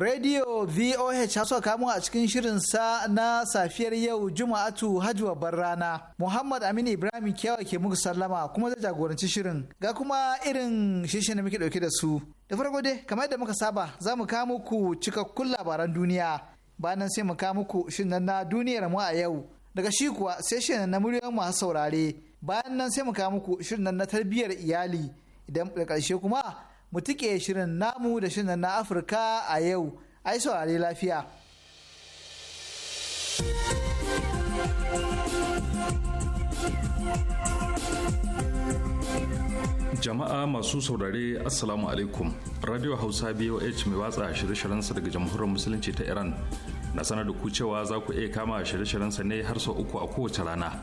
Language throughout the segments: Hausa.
Radio VOH ya suka kamu a cikin shirin sa na safiyar yau Juma'atu Hajji babbar rana. Muhammad Aminu Ibrahim Kiyawa ke muku sallama kuma zai jagoranci shirin. Ga kuma irin shishin da muke dauke da su. Da farko dai kamar yadda muka saba za mu kawo muku cikakkun labaran duniya. Bayan sai mu kawo muku shirin na duniyar mu a yau. Daga shi kuwa sai shirin na muryoyin masu saurare. Bayan nan sai mu kawo muku shirin na tarbiyyar iyali. Idan da ƙarshe kuma mu tike shirin namu da shirin na Afirka a yau, ai saurare lafiya. Jama'a masu saurare Assalamu alaikum. Radio Hausa BOH mai watsa shirye sa daga Jamhuriyar Musulunci ta Iran. Na sanar da ku cewa za ku iya kama shirye sa ne har sau uku a kowace rana.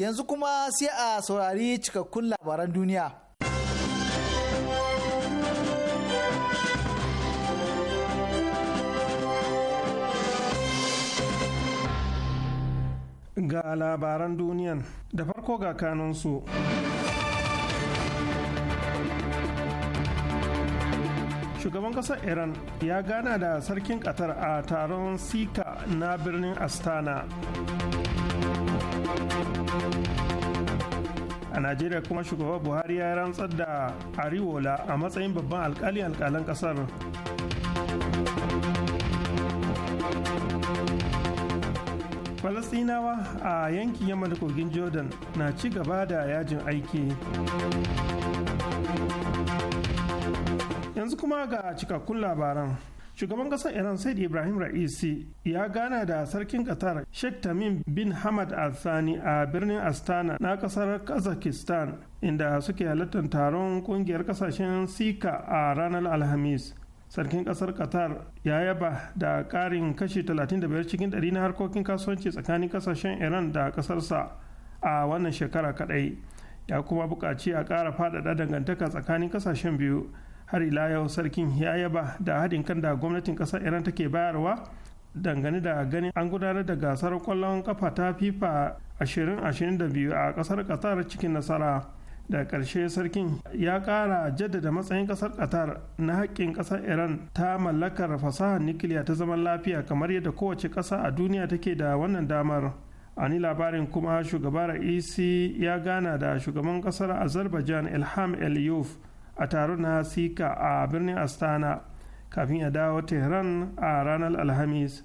yanzu kuma sai a saurari cikakkun labaran duniya. Ga labaran duniyan da farko ga kanunsu. shugaban kasar iran ya gana da sarkin qatar a taron sika na birnin astana a najeriya kuma shugaba buhari ya rantsar da ariwola a matsayin babban alkalin alkalan kasar falastinawa a yankin yamma da kogin jordan na ci gaba da yajin aiki yanzu kuma ga cikakkun labaran shugaban kasar iran said ibrahim ra'isi ya gana da sarkin qatar sheikh tamim bin hamad al thani a birnin astana na kasar kazakhstan inda suke halartar taron kungiyar kasashen sika a ranar alhamis sarkin kasar qatar ya yaba da karin kashi 35 cikin 100 na harkokin kasuwanci tsakanin kasashen iran da ƙasarsa a wannan shekara kadai ya kuma buƙaci a ƙara faɗaɗa dangantaka tsakanin kasashen biyu har ila yau sarkin ya yaba da haɗin kan da gwamnatin ƙasar iran take bayarwa dangane da ganin an gudanar da gasar kwallon kafa ta fifa 2022 a ƙasar qatar cikin nasara da ƙarshe sarkin ya ƙara jaddada matsayin ƙasar qatar na haƙƙin ƙasar iran ta mallakar fasahar nukiliya ta zaman lafiya kamar yadda kowace ƙasa a duniya take da wannan damar a labarin kuma shugaba ra'isi ya gana da shugaban ƙasar azerbaijan ilham el a taron na sika a birnin astana kafin ya dawo tehran a ranar alhamis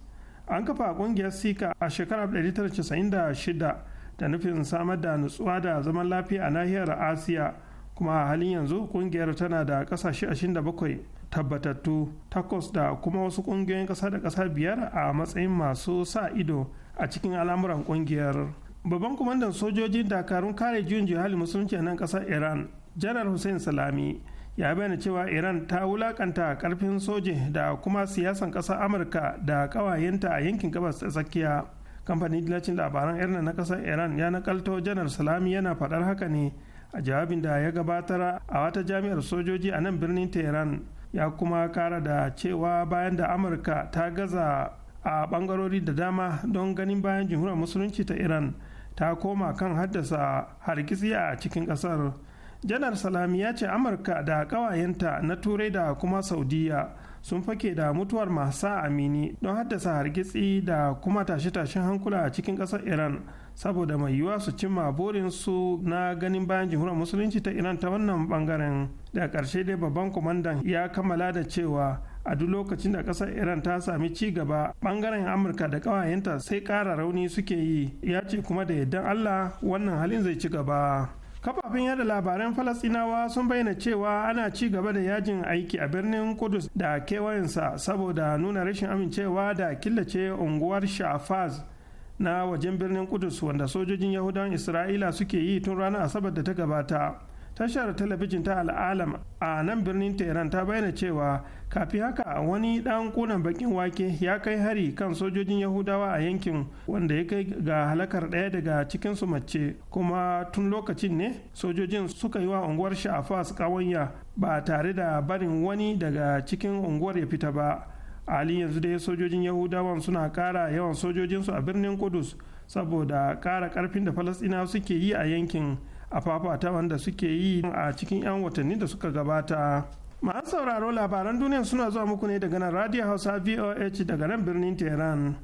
an kafa kungiyar sika a shekarar 1996 da nufin samar da nutsuwa da zaman lafiya a nahiyar asiya kuma a halin yanzu kungiyar tana da kasashe 27 tabbatattu takwas da kuma wasu kungiyoyin kasa da kasa biyar a matsayin masu sa ido a cikin al'amuran kungiyar babban kwamandan sojojin dakarun kare juyin jihali musulunci a nan kasar iran janar hussein salami ya bayyana cewa iran ta wulakanta karfin soje da kuma siyasan ƙasar amurka da ƙawayenta a yankin gabas ta tsakiya kamfanin dillacin labaran irin na kasar iran ya nakalto janar salami yana faɗar haka ne a jawabin da ya gabatar a wata jami'ar sojoji a nan birnin tehran ya kuma kara da cewa bayan da amurka ta gaza a bangarori da dama don ganin bayan jamhuriyar musulunci ta iran ta koma kan haddasa hargitsi a cikin ƙasar janar salami ya ce amurka da ƙawayenta na turai da kuma saudiya sun fake da mutuwar masa amini don haddasa hargitsi da kuma tashe-tashen hankula a cikin ƙasar iran saboda mai yiwuwa su cimma burinsu na ganin bayan jihunan musulunci ta iran ta wannan bangaren da ƙarshe dai babban kwamandan ya kammala da cewa a duk lokacin da ƙasar iran ta sami ci gaba bangaren amurka da ƙawayenta sai kara rauni suke yi ya ce kuma da yardan allah wannan halin zai ci gaba kafafen yada labaran falasinawa sun bayyana cewa ana ci gaba da yajin aiki a birnin kudus da kewayensa saboda nuna rashin amincewa da killace unguwar shafaz na wajen birnin kudus wanda sojojin yahudan isra'ila suke yi tun ranar asabar da ta gabata tashar talabijin ta al'alam a nan birnin tehran ta bayyana cewa kafin haka wani dan kunan bakin wake ya kai hari kan sojojin yahudawa a yankin wanda ya kai ga halakar ɗaya daga cikinsu mace kuma tun lokacin ne sojojin suka yi wa unguwar shafas kawanya ba tare da barin wani daga cikin unguwar ya fita ba halin yanzu dai sojojin yahudawan suna kara yawan sojojinsu a birnin kudus saboda kara karfin da falasɗinawa suke yi a yankin a fafata wanda suke yi a cikin 'yan watanni da suka gabata masu sauraro labaran duniya suna zuwa muku ne daga nan radio hausa voh daga nan birnin tehran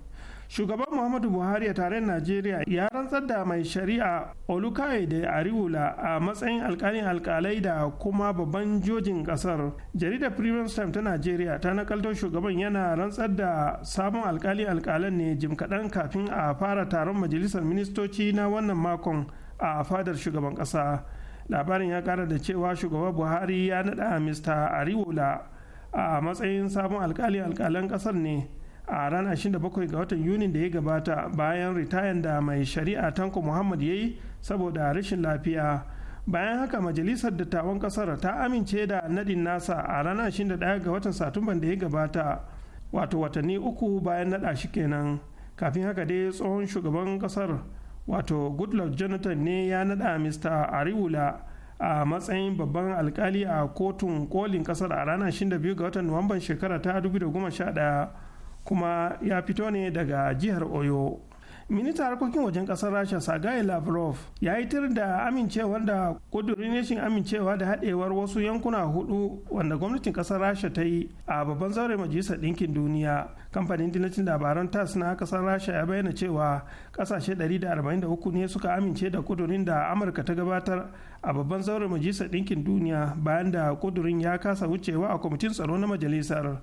shugaban muhammadu buhari a tarayyar najeriya ya rantsar da mai shari'a da ariwula a matsayin alkalin alkalai da kuma babban jojin kasar jaridar premium time ta najeriya ta nakalto shugaban yana rantsar da sabon alkalin alkalan ne jim kaɗan kafin a fara taron majalisar ministoci na wannan makon a fadar shugaban ƙasa labarin ya kara da cewa shugaban buhari ya naɗa mr ariwola a matsayin sabon alkali alkalan ƙasar ne a ranar 27 ga watan yuni da ya gabata bayan ritayan da mai shari'a tanko muhammad ya yi saboda rashin lafiya bayan haka majalisar dattawan kasar ta amince da nadin nasa a ranar 21 ga watan satumban da ya gabata wato watanni uku bayan nada shi kenan kafin haka dai tsohon shugaban kasar wato goodluck jonathan ne ya nada mr ariwula a matsayin babban alkali a kotun kolin kasar a ranar 22 ga watan nuwamban shekara ta 2011 kuma ya fito ne daga jihar oyo minista harkokin wajen kasar rasha sagai lavrov ya yi tir da amincewar da kudurin rashin amincewa da haɗewar wasu yankuna hudu wanda gwamnatin kasar rasha ta yi a babban zaure majalisar ɗinkin duniya kamfanin dinacin labaran tas na kasar rasha ya bayyana cewa ƙasashe 143 ne suka amince da kudurin da amurka ta gabatar a babban zaure majalisar ɗinkin duniya bayan da kudurin ya kasa wucewa a kwamitin tsaro na majalisar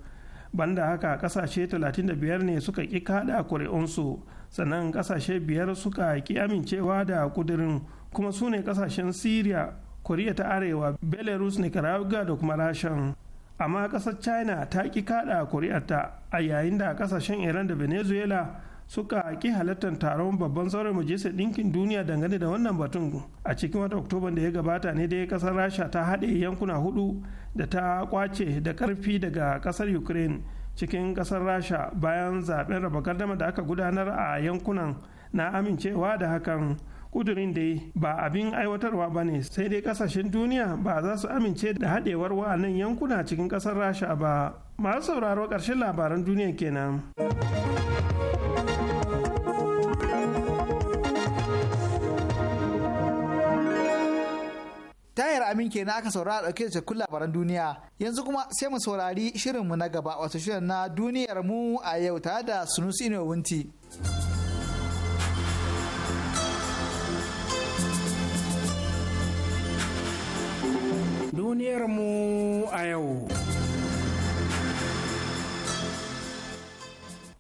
banda haka kasashe 35 ne suka ƙi kada kuri'unsu sannan kasashe biyar suka ki amincewa da kudirin kuma su ne kasashen syria koriya ta arewa belarus nicaragua da kuma rashan amma kasar china ta ki kada kuri'arta a yayin da kasashen iran da venezuela suka ƙi halartar taron babban sauran majalisar ɗinkin duniya dangane da wannan batun a cikin wata oktoba da ya gabata ne dai kasar rasha ta haɗe yankuna hudu da ta kwace da karfi daga kasar ukraine cikin kasar rasha bayan zaben raba gardama da aka gudanar a yankunan na amincewa da hakan kudurin dai ba abin aiwatarwa ba ne sai dai kasashen duniya ba za su amince da haɗewar wa'annan yankuna cikin kasar rasha ba masu sauraro ƙarshen labaran duniya kenan. tayar Amin kenan aka saurara ɗauke da cikakkun labaran duniya. Yanzu kuma sai mu saurari shirin mu na gaba wato shirin na duniyar mu a yau tare da Sunusi Ino Wunti. Duniyar mu a yau.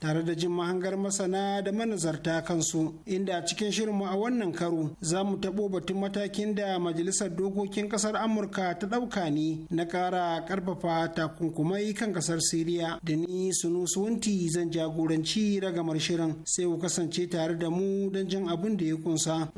tare da jin mahangar masana da manazarta kansu inda a cikin shirinmu a wannan karo za mu taɓo batun matakin da majalisar dokokin ƙasar amurka ta ɗauka ne na ƙara ƙarfafa takunkumai kan ƙasar siriya da ni sunu suwanti zan jagoranci ragamar shirin sai ku kasance tare da mu don jin abin da ya kunsa.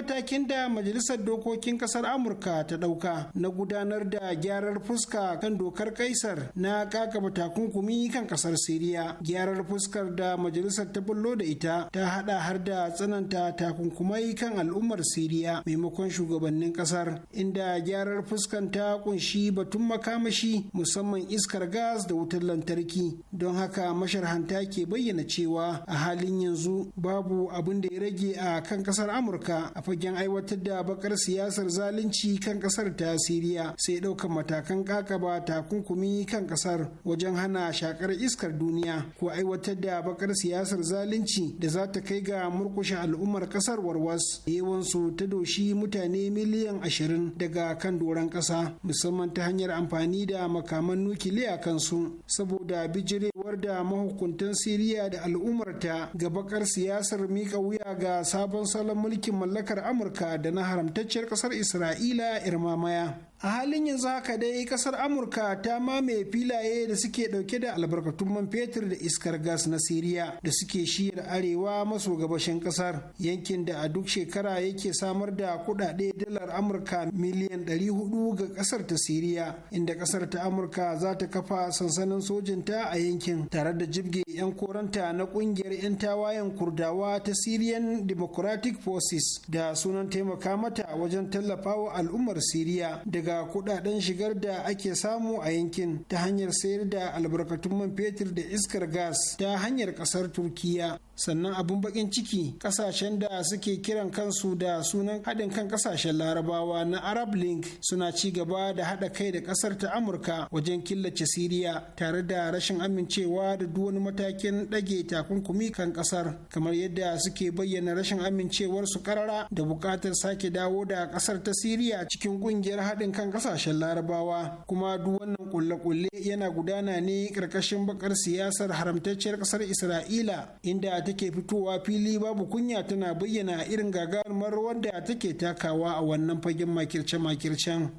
matakin da majalisar dokokin kasar amurka ta ɗauka na gudanar da gyarar fuska kan dokar kaisar na kakaba takunkumi kan kasar siriya gyarar fuskar da majalisar ta bullo da ita ta hada har da tsananta takunkumai kan al'ummar siriya maimakon shugabannin kasar inda gyarar fuskan ta kunshi batun makamashi musamman iskar gas da wutar lantarki don haka masharhanta ke bayyana cewa a halin yanzu babu abin da ya rage a kan kasar amurka a fagen aiwatar da bakar siyasar zalunci kan kasar ta siriya sai ɗaukar matakan kakaba takunkumi kan kasar wajen hana shakar iskar duniya ko aiwatar da bakar siyasar zalunci da za ta kai ga murkushe al'ummar kasar warwas yawansu ta doshi mutane miliyan ashirin daga kan doron kasa musamman ta hanyar amfani da makaman nukiliya kansu saboda bijirewar da mahukuntan siriya da al'ummarta ga bakar siyasar mika wuya ga sabon salon mulkin mallakar amurka da na haramtacciyar kasar isra'ila irmamaya a halin yanzu haka dai kasar amurka ta mamaye filaye da suke dauke da albarkatun man fetur da iskar gas na siriya da suke shiyar arewa maso gabashin kasar yankin da a duk shekara yake samar da kudade dalar amurka miliyan 400 ga kasar ta siriya inda kasar ta amurka za ta kafa sansanin sojinta a yankin tare da jibge 'yan koranta na kungiyar 'yan tawayen kurdawa ta syrian democratic forces da sunan taimaka mata wajen tallafawa al'ummar siriya daga daga kudaden shigar da ake samu a yankin ta hanyar sayar da albarkatun man fetur da iskar gas ta hanyar kasar turkiya sannan abun bakin ciki kasashen da suke kiran kansu da sunan haɗin kan kasashen larabawa na arab link suna ci gaba da haɗa kai da ƙasar ta amurka wajen killace siriya tare da rashin amincewa da duk wani matakin ɗage takunkumi kan ƙasar kamar yadda suke bayyana rashin amincewar su karara da buƙatar sake dawo da ƙasar ta siriya cikin ƙungiyar haɗin kan ƙasashen larabawa kuma duk wannan kulle-kulle yana gudana ne ƙarƙashin bakar siyasar haramtacciyar ƙasar isra'ila inda take fitowa fili babu kunya tana bayyana a irin gagarumar wadda take takawa a wannan fagen makirce-makircen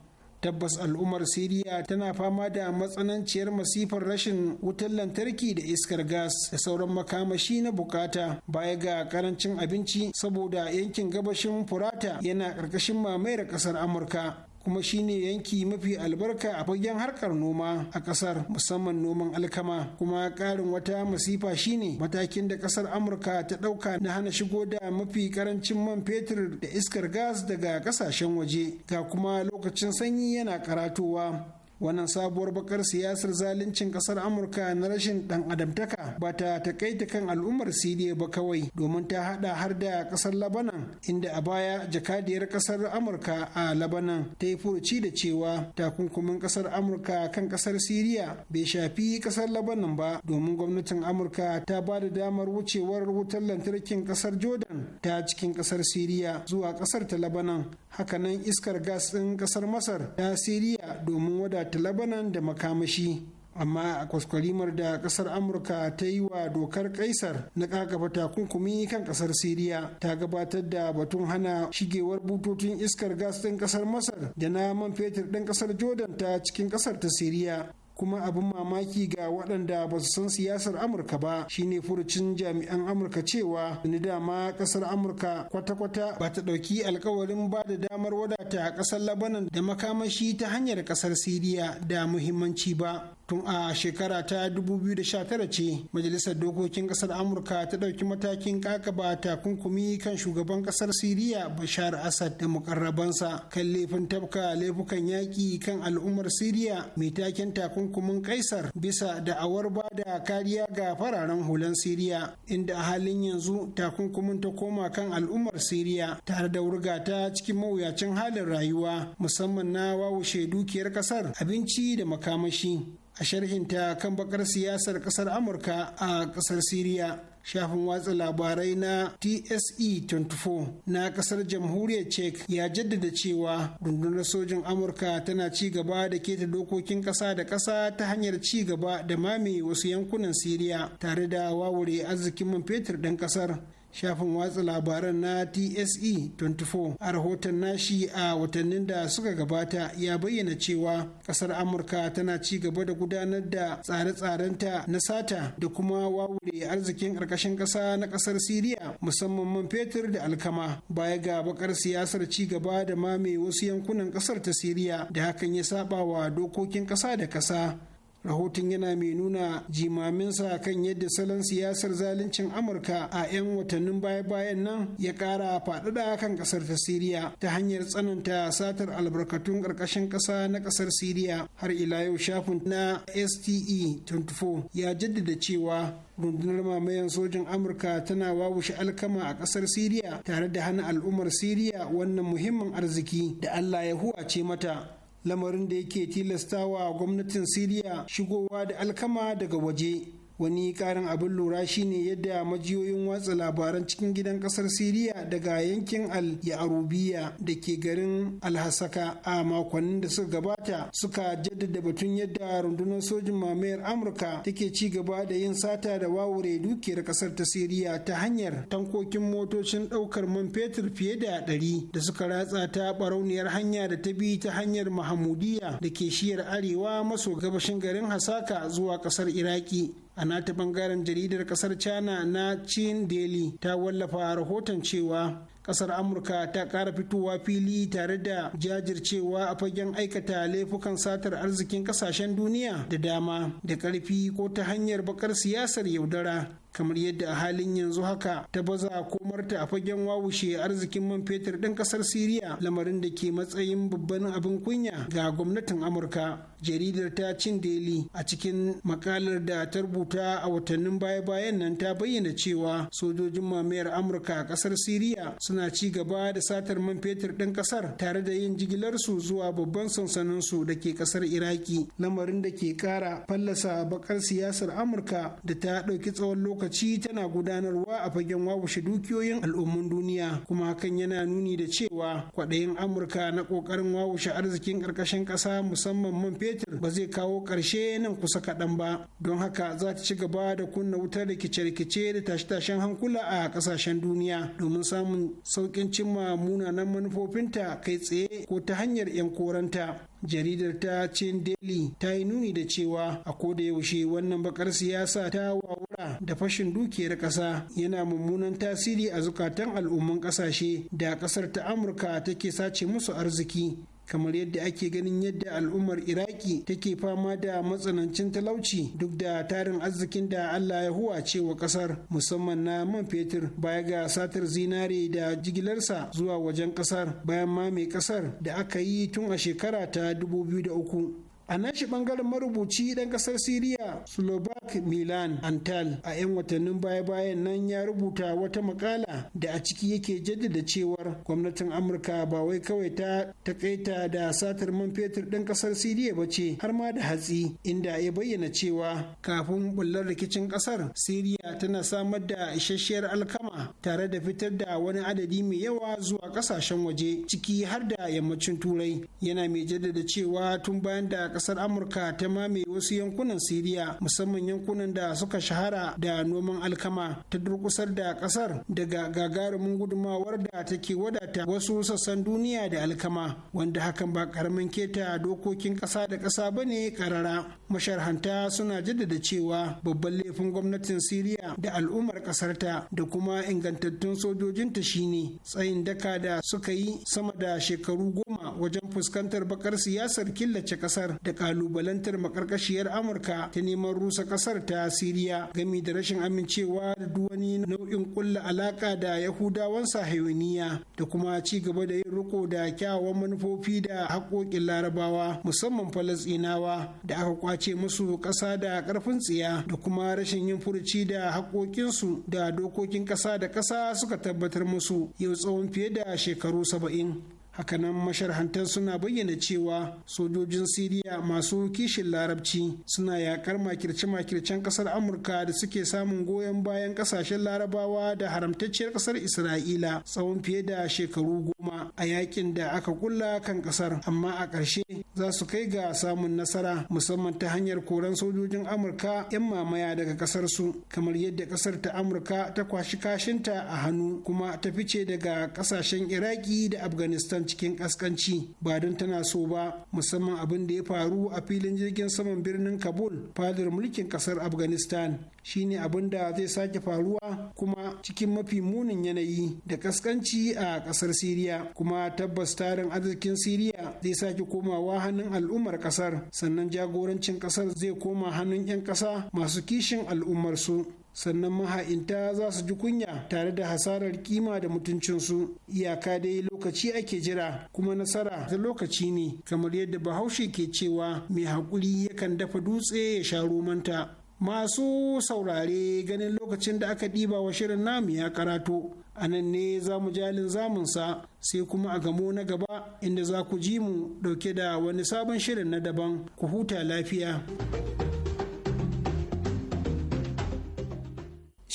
tabbas al'ummar siriya tana fama da matsananciyar masifar rashin wutar lantarki da iskar gas da sauran makamashi na bukata baya ga karancin abinci saboda yankin gabashin furata yana ƙarƙashin mamayar ƙasar amurka kuma shine yanki mafi albarka a fagen harkar noma a kasar musamman noman alkama kuma karin wata masifa shine matakin da kasar amurka ta dauka na hana shigo da mafi karancin man fetur da iskar gas daga kasashen waje ga kuma lokacin sanyi yana karatowa wannan sabuwar bakar siyasar zaluncin kasar amurka na rashin dan adamtaka ba ta takaita kan al'ummar siriya ba kawai domin ta hada har da kasar labanan inda a baya jakadiyar kasar amurka a labanan ta yi furuci da cewa takunkumin kasar amurka kan kasar siriya bai shafi kasar labanan ba domin gwamnatin amurka ta ba da damar wucewar wutar lantarkin kasar jordan ta cikin kasar siriya zuwa kasar ta labanan hakanan iskar gas ɗin ƙasar masar ta siriya domin wadata labanan da makamashi amma a kwaskwarimar da ƙasar amurka ta yi wa dokar kaisar na kakafa takunkumi kan ƙasar siriya ta gabatar da batun hana shigewar bututun iskar gas ɗin ƙasar masar da na man fetur ɗin ƙasar jordan ta cikin ƙasar ta siriya kuma abin mamaki ga waɗanda ba su san siyasar amurka ba shine furucin jami'an amurka cewa ni dama ƙasar amurka kwata-kwata ba ta ɗauki alkawarin ba da damar wadata a ƙasar labanan da makamashi ta hanyar ƙasar siriya da muhimmanci ba tun a shekara ta 2019 ce majalisar dokokin kasar amurka ta ɗauki matakin kakaba takunkumi kan shugaban kasar siriya bashar asad da mukarrabansa kan laifin tafka laifukan yaƙi kan al'ummar siriya mai taken takunkumin kaisar bisa da'awar ba da kariya ga fararen hulan siriya inda a halin yanzu takunkumin ta koma kan al'ummar siriya tare da ta cikin mawuyacin halin rayuwa musamman na wawushe dukiyar kasar abinci da makamashi a sharhinta kan bakar siyasar kasar amurka a kasar siriya shafin watsa labarai na tse 24 na kasar jamhuriyar czech ya jaddada cewa rundunar sojin amurka tana ci gaba da keta dokokin kasa da kasa ta hanyar ci gaba da mame wasu yankunan siriya tare da wawure arzikin man fetur ɗin kasar shafin watsa labaran na tse 24 a rahoton nashi a watannin da suka gabata ya bayyana cewa kasar amurka tana ci gaba da gudanar da tsare-tsarenta na sata da kuma wawure arzikin ƙarƙashin ƙasa na ƙasar siriya musamman man fetur da alkama baya ga bakar siyasar ci gaba da mame wasu yankunan ƙasar ta siriya da hakan ya saba wa dokokin ƙasa da ƙasa rahoton yana mai nuna jimaminsa kan yadda salon siyasar zaluncin amurka a 'yan watannin baya-bayan nan ya kara faɗaɗa kan ƙasar ta siriya ta hanyar tsananta satar albarkatun ƙarƙashin ƙasa na ƙasar siriya har ila yau shafin na ste 24 ya jaddada cewa rundunar mamayan sojin amurka tana wawushe alkama a ƙasar siriya tare da hana al'ummar siriya wannan muhimmin arziki da allah ya huwace mata lamarin da yake tilastawa gwamnatin siriya shigowa da alkama daga waje wani karin abin lura shine yadda majiyoyin watsa labaran cikin gidan kasar siriya daga yankin al yarubiya da ke garin alhasaka a makonnin da suka gabata suka jaddada batun yadda rundunar sojin mamayar amurka take ci gaba da yin sata da wawure dukiyar kasar ta siriya ta hanyar tankokin motocin daukar man fetur fiye da ɗari da suka ratsa ta barauniyar hanya da ta bi ta hanyar mahamudiya da ke shiyar arewa maso gabashin garin hasaka zuwa kasar iraki a nata bangaren jaridar kasar china na chin daily ta wallafa rahoton cewa kasar amurka ta kara fitowa fili tare da jajircewa a fagen aikata laifukan satar arzikin kasashen duniya da dama da karfi ko ta hanyar bakar siyasar yaudara kamar yadda a halin yanzu haka ta baza komarta a fagen wawushe arzikin man fetur ɗin ƙasar siriya lamarin da ke matsayin babban abin kunya ga gwamnatin amurka jaridar ta cin daily a cikin makalar da ta rubuta a watannin baya-bayan nan ta bayyana cewa sojojin mamayar amurka a ƙasar siriya suna ci gaba da satar man fetur ɗin ƙasar tare da yin jigilarsu zuwa babban sansaninsu da ke ƙasar iraki lamarin da ke ƙara fallasa bakar siyasar amurka da ta ɗauki tsawon lokaci lokaci tana gudanarwa a fagen wawashe dukiyoyin al'ummun duniya kuma hakan yana nuni da cewa kwaɗayin amurka na ƙoƙarin wawashe arzikin ƙarƙashin ƙasa musamman man fetur ba zai kawo ƙarshe nan kusa kaɗan ba don haka za ta ci gaba da kunna wutar rikice-rikice da tashe-tashen hankula a ƙasashen duniya domin samun sauƙin cimma munanan manufofinta kai tsaye ko ta hanyar 'yan koranta jaridar ta chain daily ta yi nuni da cewa a koda yaushe wannan bakar siyasa ta wawura da fashin dukiyar kasa yana mummunan tasiri a zukatan al'umman kasashe da kasar ta amurka take sace musu arziki kamar yadda ake ganin yadda al'ummar iraki take fama da matsanancin talauci duk da tarin arzikin da allah ya huwace wa kasar musamman na man fetur baya ga satar zinare da jigilarsa zuwa wajen kasar bayan ma mai kasar da aka yi tun a shekara ta 2003 a nan shi bangaren marubuci dan kasar siriya slovak milan antal a 'yan watannin baya-bayan nan ya rubuta wata makala da a ciki yake jaddada cewar gwamnatin amurka ba wai kawai ta takaita da satar man fetur ɗin kasar siriya ba ce har ma da hatsi inda ya bayyana cewa kafin bullar rikicin kasar siriya tana samar da isasshiyar alkama tare da fitar da wani adadi mai yawa zuwa kasashen waje ciki har da yammacin turai yana mai jaddada cewa tun bayan da Kasar amurka ta mame wasu yankunan siriya musamman yankunan da suka shahara da noman alkama ta durkusar da ƙasar daga gagarumin gudumawar da take wadata wasu sassan duniya da alkama wanda hakan ba karamin keta dokokin ƙasa da ƙasa ba ne ƙarara masharhanta suna jaddada cewa babban laifin gwamnatin siriya da al'ummar ƙasarta da kuma ingantattun sojojinta shine tsayin daka da suka yi sama da shekaru goma wajen fuskantar bakar siyasar killace kasar da kalubalantar makarkashiyar amurka ta neman rusa kasar ta siriya gami da rashin amincewa da duk wani nau'in kulla alaka da yahudawan sahayoniya da kuma ci gaba da yin riko da kyawawan manufofi da haƙoƙin larabawa musamman falasɗinawa da aka kwace musu ƙasa da ƙarfin tsiya da kuma rashin yin furuci da haƙoƙinsu da dokokin ƙasa da ƙasa suka tabbatar musu yau tsawon fiye da shekaru saba'in hakanan masharhantar suna bayyana cewa sojojin siriya masu kishin larabci suna yakar makirce-makircen kasar amurka da suke samun goyon bayan kasashen larabawa da haramtacciyar kasar isra'ila tsawon fiye da shekaru goma a yakin da aka kulla kan kasar amma a ƙarshe za su kai ga samun nasara musamman ta hanyar koran sojojin amurka 'yan mamaya daga kasar su kamar yadda kasar ta amurka ta kwashi kashinta a hannu kuma ta fice daga kasashen iraki da afghanistan iran cikin kaskanci ba don tana so ba musamman abin da ya faru a filin jirgin saman birnin kabul fadar mulkin kasar afghanistan shine abin da zai sake faruwa kuma cikin mafi munin yanayi da kaskanci a kasar siriya kuma tabbas tarin arzikin siriya zai sake komawa hannun al'ummar kasar sannan jagorancin kasar zai koma hannun 'yan kasa masu kishin al'ummarsu sannan maha'inta za su ji kunya tare da hasarar kima da mutuncinsu iyaka dai lokaci ake jira kuma nasara ta lokaci ne kamar yadda bahaushe ke cewa mai haƙuri yakan dafa dutse ya sha romanta masu saurare ganin lokacin da aka ɗiba wa shirin namu ya karato a nan ne za mu jalin zamunsa sai kuma a gamo na gaba inda za ku ji mu ɗauke da wani sabon shirin na daban ku huta lafiya.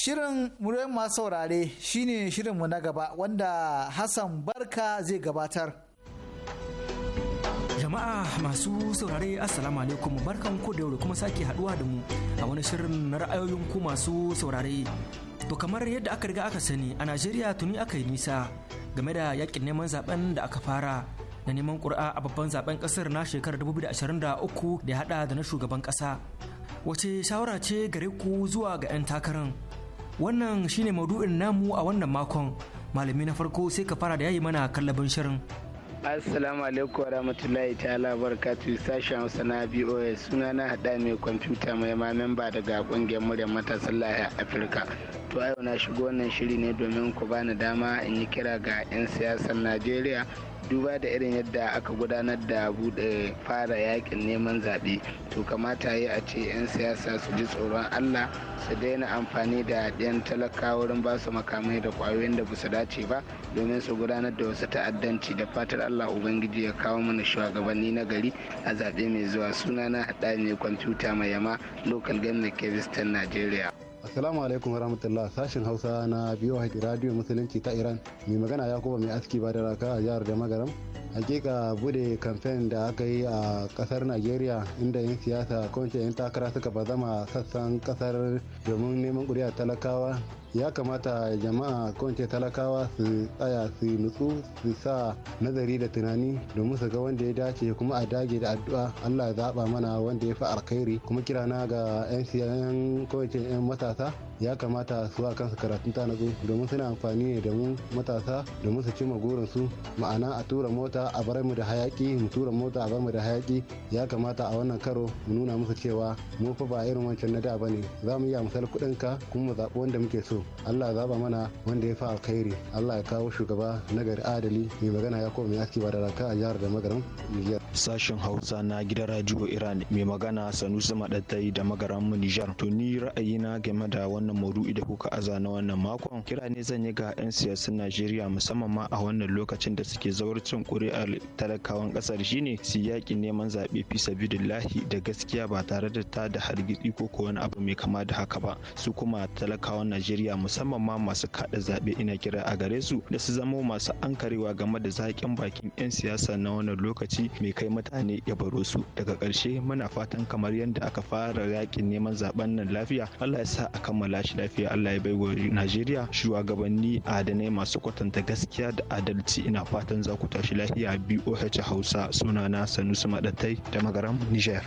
Shirin muryoyin masu saurare shine shirinmu na gaba wanda Hassan Barka zai gabatar. Jama'a masu saurare Assalamu alaikum barkan ku da kuma sake haduwa da mu a wani shirin na ra'ayoyin ku masu saurare. To kamar yadda aka riga aka sani a Najeriya tuni aka yi nisa game da yakin neman zaben da aka fara na neman ƙuri'a a babban zaben ƙasar na shekarar 2023 da ya hada da na shugaban ƙasa. Wace shawara ce gare ku zuwa ga 'yan takarar wannan shine maudu'in namu a wannan makon malami na farko sai ka fara da yayi mana kallabin shirin assalamu alaikum wa rahmatullahi ta'ala barakatuhu sashen hausa na boa suna na hada mai kwamfuta mai ma memba daga kungiyar muryar matasan a afirka to yau na shigo wannan shiri ne domin ku bani dama in yi kira ga 'yan siyasar najeriya duba da irin yadda aka gudanar da bude fara yakin neman zaɓe to kamata yi a ce 'yan siyasa su ji tsoron allah su daina amfani da ɗayan talaka wurin ba su makamai da ƙwayoyin da ba su dace ba domin su gudanar da wasu ta'addanci da fatar allah Allah Ubangiji ya kawo mana shugabanni na gari a zaɓe mai zuwa sunana haɗa mai kwamfuta mai yama local government kevistan Najeriya. Assalamu alaikum rahmatullah sashen Hausa na biyu radio musulunci ta Iran mai magana ya kuma mai aski ba da raka a jihar da magaram hakika bude kamfen da aka yi a kasar nigeria inda yin siyasa kwanci 'yan takara suka bazama sassan kasar domin neman ƙuri'a talakawa ya kamata jama'a kwance talakawa su tsaya su nutsu su sa nazari da tunani domin su ga wanda ya dace kuma a dage da addu'a allah ya zaɓa mana wanda ya fi alkhairi kuma kirana ga 'yan siyan kwance 'yan matasa ya kamata su a kansu karatun ta natsu domin suna amfani ne da mu matasa domin su cimma su ma'ana a tura mota a bar mu da hayaki mu tura mota a bar mu da hayaki ya kamata a wannan karo mu nuna musu cewa mu fa ba irin wancan na da bane za mu iya musal kuɗin ka kuma mu zaɓi wanda muke so Allah ya zaba mana wanda ya fi alkhairi Allah ya kawo shugaba na gari adali mai magana ya koma aski ba da raka a jihar da magaran Nijar. sashen Hausa na gidan radio Iran mai magana Sanusi Madatai da magaran Nijar. to ni ra'ayina game da wannan maudu'i da kuka aza na wannan makon kira ne zan yi ga 'yan siyasan Najeriya musamman ma a wannan lokacin da suke cin ƙuri'ar talakawan ƙasar shine su yaƙi neman zaɓe fi sabidillahi da gaskiya ba tare da ta da hargitsi ko ko wani abu mai kama da haka ba su kuma talakawan Najeriya najeriya musamman ma masu kaɗa zaɓe ina kira a gare su da su zama masu ankarewa game da zaƙin bakin 'yan siyasa na wannan lokaci mai kai mutane ya baro su daga ƙarshe muna fatan kamar yadda aka fara yakin neman zaɓen nan lafiya allah ya sa a kammala shi lafiya allah ya baiwa najeriya shugabanni adanai masu kwatanta gaskiya da adalci ina fatan za ku tashi lafiya boh hausa sunana sanusi maɗatai da magaram niger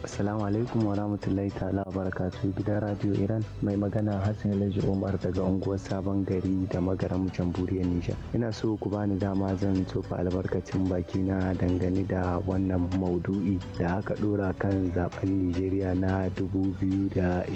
Assalamu alaikum wa rahmatullahi ta'ala wa barakatuh gidan Radio Iran mai magana Hassan Alhaji Umar daga unguwar Sabon Gari da magaram Jamhuriyar Nijar. Ina so ku bani dama zan tofa albarkacin baki na dangane da wannan maudu'i da aka dora kan zaben Nijeriya na 2023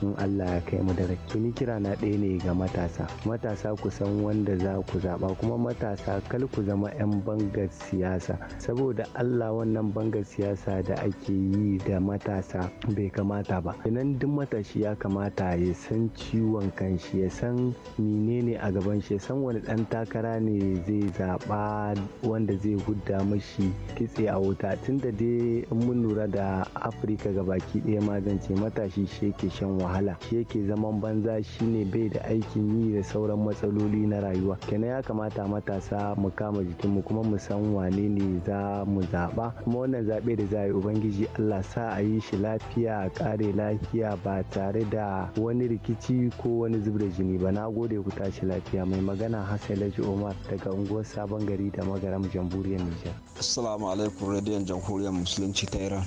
in Allah ya kai mu da rakki. ni kira na ɗaya ne ga matasa. Matasa ku san wanda za ku zaɓa kuma matasa kal ku zama 'yan bangar siyasa saboda Allah wannan bangar siyasa da ake ake yi da matasa bai kamata ba idan duk matashi ya kamata ya san ciwon kanshi ya san menene a gaban shi ya san wani dan takara ne zai zaɓa wanda zai hudda mashi kitse a wuta tunda dai in mun lura da afirka ga baki ɗaya ma zan ce matashi shi yake shan wahala shi yake zaman banza shi ne bai da aikin yi da sauran matsaloli na rayuwa kenan ya kamata matasa mu kama jikinmu kuma mu san wane ne za mu zaɓa kuma wannan zaɓe da za a yi ubangiji ubangiji allah sa a yi shi lafiya a kare lafiya ba tare da wani rikici ko wani zub da jini ba na gode ku tashi lafiya mai magana hassan laji omar daga unguwar sabon gari da magaram jamhuriyar nijar assalamu alaikum radiyon jamhuriyar musulunci ta iran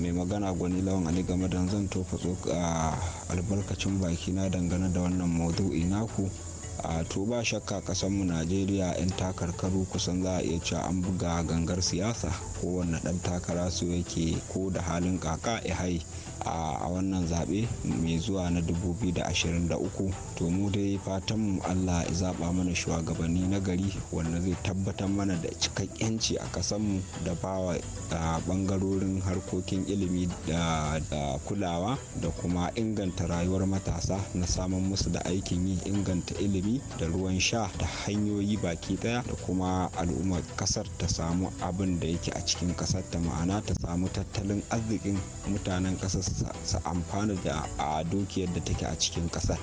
mai magana gwani lawan ali game da zan tofa tsoka albarkacin baki na dangane da wannan maudu'i naku a to ba shakka mu najeriya 'yan takarkaru kusan za a iya cewa an buga gangar siyasa kowanne ɗan takara su yake ko da halin kaka ihai a wannan zaɓe mai zuwa na 2023 to mu dai fatanmu allah zaɓa mana shugabanni na gari wanda zai tabbatar mana da cikakkenci a kasanmu da bawa ɓangarorin harkokin ilimi da kulawa da kuma inganta rayuwar matasa na samun musu da aikin yi inganta ilimi da ruwan sha da hanyoyi baki daya da kuma al'ummar kasar ta samu abin da yake a cikin ƙasar ta ma'ana ta samu tattalin arzikin mutanen ƙasar. su amfana da a dukiyar da take a cikin ƙasar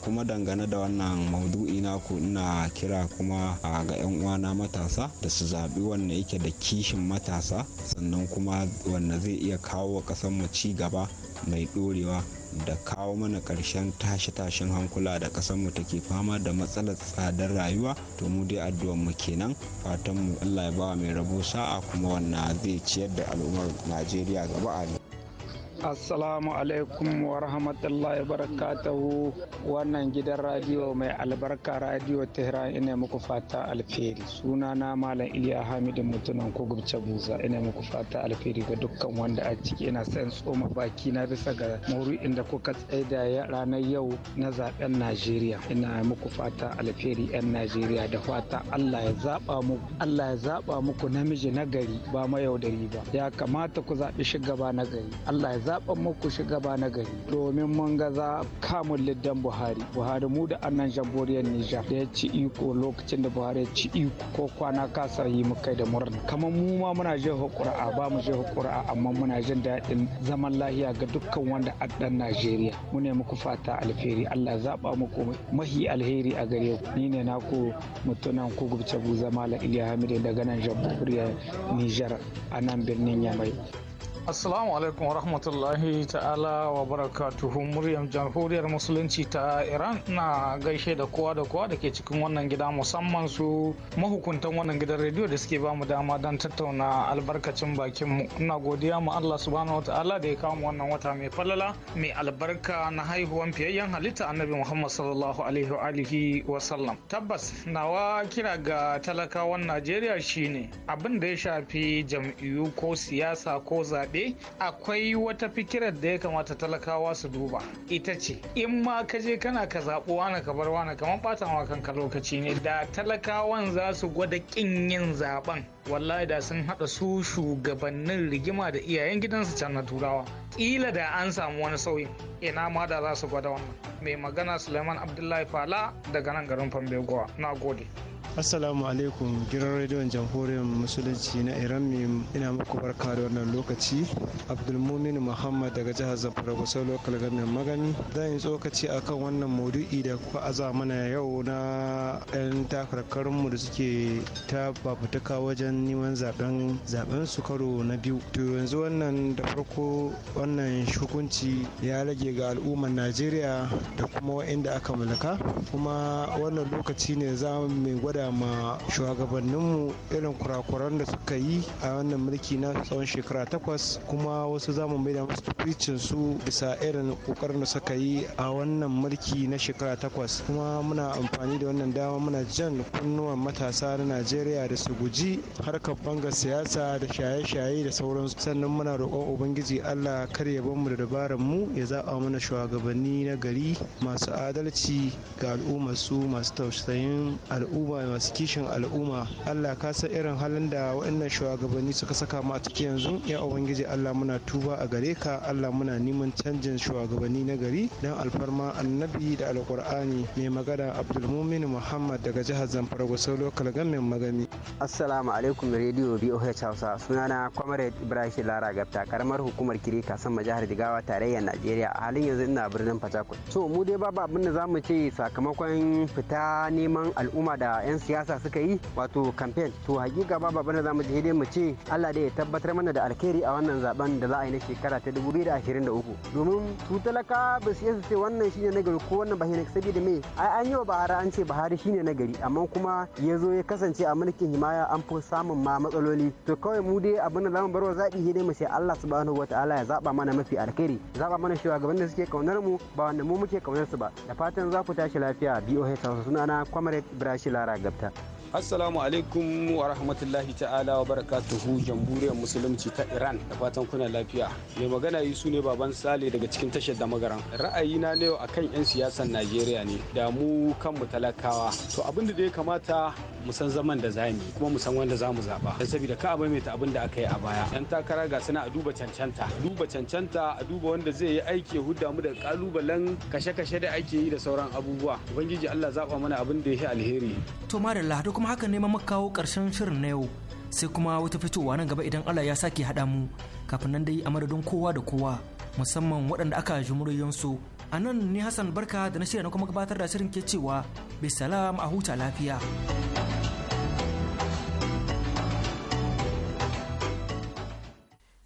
kuma dangane da wannan maudu'i ku ina kira kuma ga 'yan uwana matasa da su zaɓi wanda yake da kishin matasa sannan kuma wanda zai iya kawo wa mu ci gaba mai ɗorewa da kawo mana ƙarshen tashe-tashen hankula da ƙasarmu take fama da matsalar tsadar rayuwa to mu dai addu'ar mu kenan fatan mu Allah ya ba mai rabo sa'a kuma wannan zai ciyar da al'ummar Najeriya gaba a Assalamu alaikum wa rahmatullahi barakatahu wannan gidan radiyo mai albarka radiyo Tehran ina muku fata alferi suna na Malam Iliya Hamidu mutunan kugubce buza ina muku fata alfiri ga dukkan wanda a ciki ina son tsoma baki na bisa ga mauru'in da kuka tsaida ranar yau na zaben Najeriya ina muku fata alfiri yan Najeriya da fata Allah ya zaba muku Allah ya zaba muku namiji nagari ba mayaudari ba ya kamata ku zaɓi shugaba nagari Allah ya zaɓen muku shugaba na gari domin mun ga za kamun liddan buhari buhari mu da annan jamhuriyar nijar da ya ci iko lokacin da buhari ya ci iko ko kwana kasa yi mu kai da murna kamar mu ma muna jeho ƙura'a ba mu jeho ƙura'a amma muna jin daɗin zaman lahiya ga dukkan wanda a ɗan najeriya mu ne muku fata alheri allah zaɓa muku mahi alheri a gare ku ni ne naku mutunan ku gubce bu zama la iliya daga nan jamhuriyar nijar a nan birnin yamai Assalamu alaikum warahmatullahi ta'ala wa barakatuhu muryar jamhuriyar musulunci ta Iran na gaishe da kowa da kowa da ke cikin wannan gida musamman su mahukuntan wannan gidan rediyo da suke bamu dama don tattauna albarkacin bakin mu. Ina godiya mu Allah subhanahu ta'ala da ya kawo wannan wata mai falala mai albarka na haihuwan fiyayyen halitta Annabi Muhammad sallallahu alaihi wa alihi wa sallam. Tabbas nawa kira ga talakawan Najeriya shine abin da ya shafi jam'iyyu ko siyasa ko zaɓe zaɓe akwai wata fikirar da ya kamata talakawa su duba ita ce in ma ka je kana ka zaɓo wani ka bar wani kamar ɓata kanka lokaci ne da talakawan za su gwada ƙin yin zaɓen wallahi da sun haɗa su shugabannin rigima da iyayen gidansu can na turawa ƙila da an samu wani sauyin ina ma da za su gwada wannan mai magana suleiman abdullahi fala daga nan garin fambegowa na gode Assalamu alaikum giran rediyon jamhuriyar musulunci na Iran mai ina muku barka da wannan lokaci. Abdulmumin Muhammad daga jihar Zamfara kusa lokal gamin magani. Zan yi tsokaci a kan wannan maudu'i da kuka aza mana yau na 'yan takarkarmu da suke ta fafutuka wajen wajen neman zaben zaben su karo na biyu to yanzu wannan da farko wannan hukunci ya rage ga al'ummar najeriya da kuma wa'inda aka mulka kuma wannan lokaci ne za mu gwada ma shugabanninmu irin kurakuran da suka yi a wannan mulki na tsawon shekara takwas kuma wasu za mu maida musu tukwicin su bisa irin kokarin da suka yi a wannan mulki na shekara takwas kuma muna amfani da wannan dama muna jan kunnuwan matasa na najeriya da su guji harkar banga siyasa da shaye-shaye da sauransu sannan muna roƙon ubangiji allah kar ya mu da dabarar mu ya zaɓa mana shugabanni na gari masu adalci ga al'umma su masu tausayin al'umma masu kishin al'umma allah ka san irin halin da waɗannan shugabanni suka saka mu a ciki yanzu ya ubangiji allah muna tuba a gare ka allah muna neman canjin shugabanni na gari don alfarma annabi da alƙur'ani mai magana abdulmumin muhammad daga jihar zamfara gusau lokal gamin magami assalamu alaikum alaikum radio BOH Hausa sunana Comrade Ibrahim Lara Gafta karamar hukumar Kiri kasan jihar Jigawa tarayyar Najeriya a halin yanzu ina birnin Fatakwal. So mu dai babu abin da zamu ce sakamakon fita neman al'umma da 'yan siyasa suka yi wato campaign to hakika babu abin da zamu ce dai mu ce Allah dai ya tabbatar mana da alkhairi a wannan zaben da za a yi na shekara ta 2023 domin su talaka ba su ce wannan shine na gari ko wannan ba shine me ai an yi wa bahari an ce bahari shine na gari amma kuma ya zo ya kasance a mulkin himaya an fi samun samun ma matsaloli to kawai mu dai abin da zamu barwa zaɓi dai mu sai Allah subhanahu wataala ya zaba mana mafi alkhairi zaba mana shugaban da suke kaunar mu ba wanda mu muke kaunar su ba da fatan za ku tashi lafiya BOH sunana sunana Comrade Brashi Lara Gabta assalamu alaikum wa rahmatullahi ta'ala wa barakatuhu jamhuriyar musulunci ta iran da fatan kuna lafiya mai magana su ne baban sale daga cikin tashar da magaran ra'ayina na yau akan 'yan siyasan najeriya ne da mu kanmu talakawa to abin da ya kamata mu san zaman da mu kuma mu san wanda zamu zaba dan saboda ka abai ta abin da aka yi a baya yan takara ga suna a duba cancanta duba cancanta a duba wanda zai yi aiki hudda mu da kalubalen kashe-kashe da ake yi da sauran abubuwa ubangiji Allah zaba mana abin da ya alheri to kuma haka ne muka kawo ƙarshen shirin na yau sai kuma wata fitowa nan gaba idan Allah ya sake haɗa mu kafin nan dai a madadin kowa da kowa musamman waɗanda aka ji su a nan ni Hassan Barka da na shirya na kuma gabatar da shirin ke cewa salama a huta lafiya.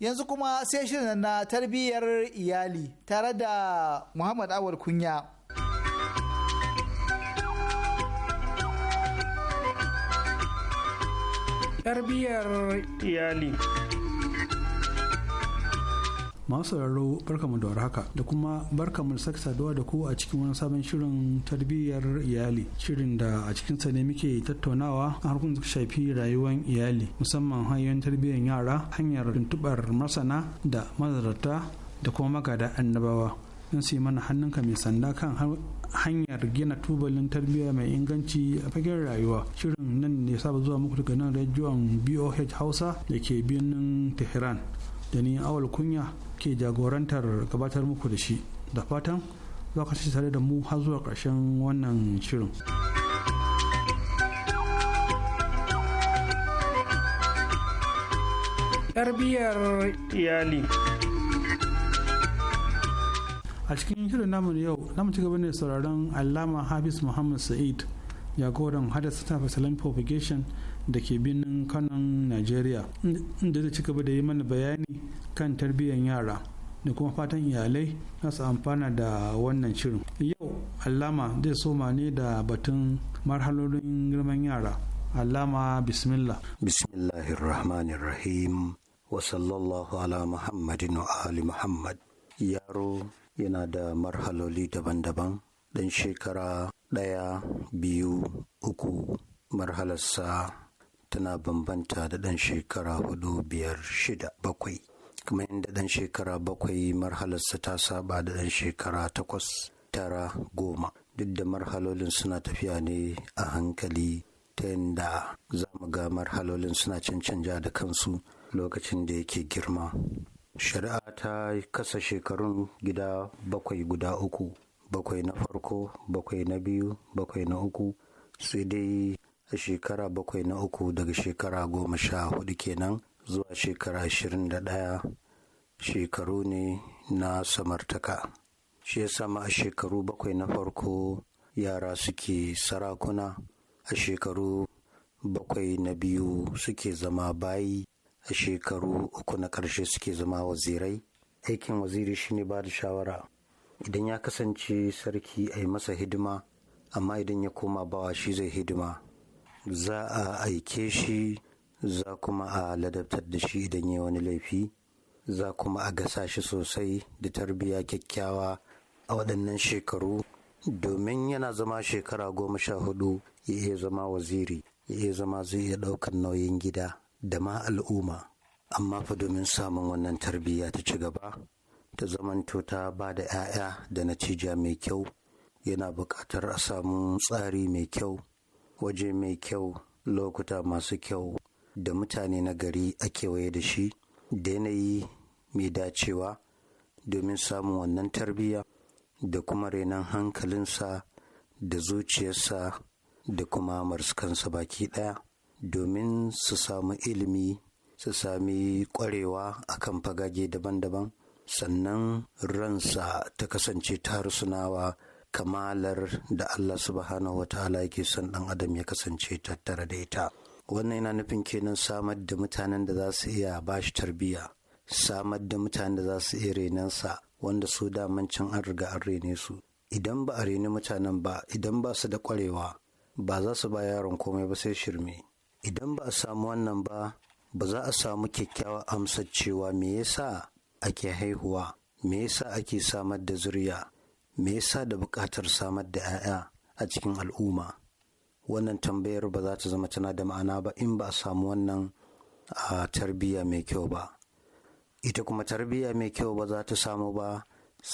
Yanzu kuma sai shirin na tarbiyyar iyali tare da Muhammad Awar Kunya. tarbiyyar iyali masu sauraro barkamu da haka da kuma barkamu da sake saduwa da ku a cikin wani sabon shirin tarbiyyar iyali shirin da a cikin sa ne muke tattaunawa a harkun shafi rayuwar iyali musamman hanyoyin tarbiyyar yara hanyar tuntubar masana da mazarta da kuma magada annabawa don su yi mana hannunka mai sanda kan hanyar gina tubalin tarbiyya mai inganci a fagen rayuwa shirin nan ne saba zuwa muku daga nan rajiyon boh hausa da ke birnin tehran da ni awal kunya ke jagorantar gabatar muku da shi da fatan za ka ci tare da mu har zuwa ƙarshen wannan shirin. tarbiyyar iyali. a cikin shirin namu yau namu ci gaba ne sauraron alama hafiz muhammad sa'id jagoran hadasa ta fasalan propagation da ke birnin kanon nigeria inda zai ci gaba da yi mana bayani kan tarbiyyar yara da kuma fatan iyalai na su amfana da wannan shirin yau allama zai soma ne da batun marhalolin girman yara allama bismillah bismillahirrahmanirrahim wa sallallahu ala muhammadin wa ali muhammad yaro yana da marhaloli daban-daban ɗan shekara ɗaya biyu uku marhalarsa tana bambanta da ɗan shekara hudu biyar shida bakwai kuma inda ɗan shekara bakwai marhalarsa ta saba da ɗan shekara takwas tara goma duk da marhalolin suna tafiya ne a hankali ta yadda za mu ga marhalolin suna cancanja da kansu lokacin da yake girma shari'a ta kasa shekarun gida bakwai guda uku bakwai na farko bakwai na biyu bakwai na uku sai dai a shekara bakwai na uku daga shekara goma sha hudu kenan zuwa shekara ashirin da daya shekaru ne na samartaka shi ya sama a shekaru bakwai na farko yara suke sarakuna a shekaru bakwai na biyu suke zama bayi a shekaru uku na ƙarshe suke zama wazirai aikin waziri shine ba da shawara idan ya kasance sarki a yi masa hidima amma idan ya koma bawa shi zai hidima za a aike shi za kuma a ladabtar da shi idan ya wani laifi za kuma a gasa shi sosai da tarbiyya kyakkyawa a waɗannan shekaru domin yana zama shekara goma sha hudu ya iya zama waziri ya iya zama zai iya ɗaukar nauyin gida da ma al'umma amma fa domin samun wannan tarbiyya ta ci gaba ta zamanto ta ba da 'ya'ya da natija mai kyau yana buƙatar a samu tsari mai kyau waje mai kyau lokuta masu kyau da mutane na gari a kewaye da shi da yanayi mai dacewa domin samun wannan tarbiyya da kuma renon hankalinsa da zuciyarsa da kuma marskansa baki ɗaya domin su samu ilimi su sami ƙwarewa a kan fagage daban-daban sannan ransa ta kasance ta harsunawa kamalar da Allah subhanahu wa ta'ala yake son ɗan adam ya kasance tattara da ita wannan yana nufin kenan samar da mutanen da za su iya ba shi tarbiyya samar da mutanen da za su iya renansa wanda su daman can an riga an rene su idan ba a reni mutanen ba idan ba su da kwarewa ba za su ba yaron komai ba sai shirme idan ba a samu wannan ba ba za a samu kyakkyawar amsar cewa me yasa ake haihuwa me yasa ake samar da zuriya me yasa da buƙatar samar da 'ya'ya a cikin al'umma wannan tambayar ba za ta zama tana da ma'ana ba in ba a samu wannan a tarbiyya mai kyau ba ita kuma tarbiyya mai kyau ba za ta samu ba